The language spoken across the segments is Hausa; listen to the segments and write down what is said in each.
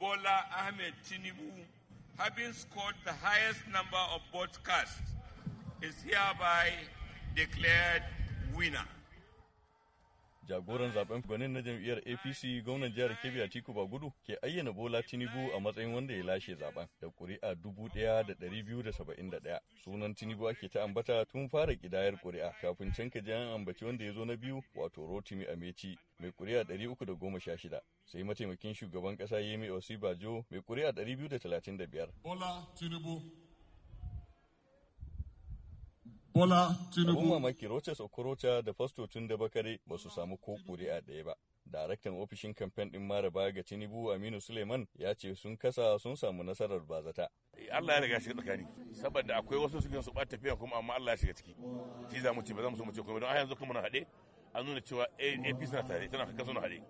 Bola Ahmed Tinubu, having scored the highest number of broadcasts, is hereby declared winner. jagoran zaben gwanin na jam'iyyar apc gwamnan jihar kebbi atiku gudu ke ayyana bola tinubu a matsayin wanda ya lashe zaben da kuri'a dubu daya da dari biyu da saba'in da daya sunan tinubu ake ta ambata tun fara kidayar kuri'a kafin can ka an ambaci wanda ya zo na biyu wato rotimi ameci mai kuri'a ɗari uku da goma sha shida sai mataimakin shugaban ƙasa yemi osibajo mai kuri'a ɗari biyu da talatin da biyar bola tinubu Bola Tinubu. Abubuwa mamaki Rochas Okorocha da fastocin da bakare ba su samu ko kuri'a ɗaya ba. Daraktan ofishin kamfen ɗin baya ga Tinubu Aminu Suleiman ya ce sun kasa sun samu nasarar bazata. Allah ya riga shiga tsakani saboda akwai wasu su su ɓata tafiya kuma amma Allah ya shiga ciki. Shi za mu ci ba za mu so mu ce kuma don a yanzu kuma na haɗe an nuna cewa ap suna tare tana kaka suna haɗe.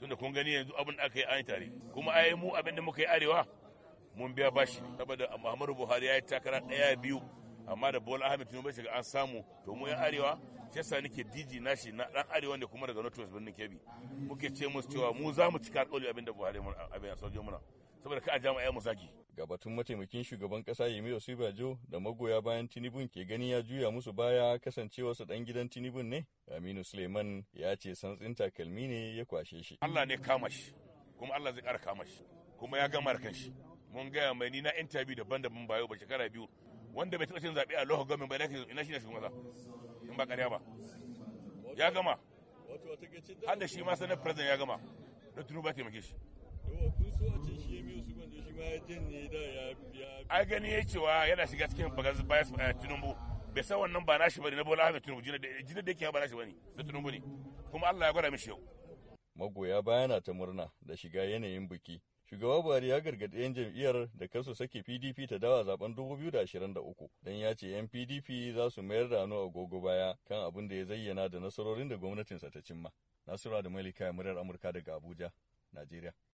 Tunda kun gani yanzu abin da aka yi an yi tare kuma a mu abin da muka yi arewa mun biya bashi saboda Muhammadu Buhari ya yi takara ɗaya biyu amma da bola ahmed tinubu shiga an samu to mu yan arewa shi sani nake diji nashi na dan arewa ne kuma daga notos birnin kebbi muke ce musu cewa mu za mu cika alƙawari abin da buhari mun abin a sojo muna saboda ka a jama'a mu saki ga batun mataimakin shugaban kasa yemi osibajo da magoya bayan tinubun ke gani ya juya musu baya kasancewa kasancewarsa dan gidan tinubun ne aminu suleiman ya ce santsin takalmi ne ya kwashe shi allah ne kama shi kuma allah zai kara kama shi kuma ya gama da shi mun gaya mai ni na interview daban-daban bayo ba shekara biyu wanda bai taɓa cin zaɓe a lokacin gwamnati ba da ina shi ne shugaban ƙasa in ba ƙarya ba ya gama har da shi ma sanar president ya gama da tunu ba taimake shi a gani ya cewa yana shiga cikin bagas bayan eh, bu bai san wannan ba nashi ne na bola ahmed tinubu jina da yake ba nashi ne da tinubu ne kuma allah ya gwada mishi yau magoya baya na ta murna da shiga yanayin biki shugaba buhari ya gargaɗi 'yan jam'iyyar da kasu sake pdp ta dawa zaben 2023 don ya ce 'yan pdp za su mayar da hannu agogo baya kan abin da ya zayyana da nasarorin da gwamnatinsa ta cimma nasura da malika muryar amurka daga abuja najeriya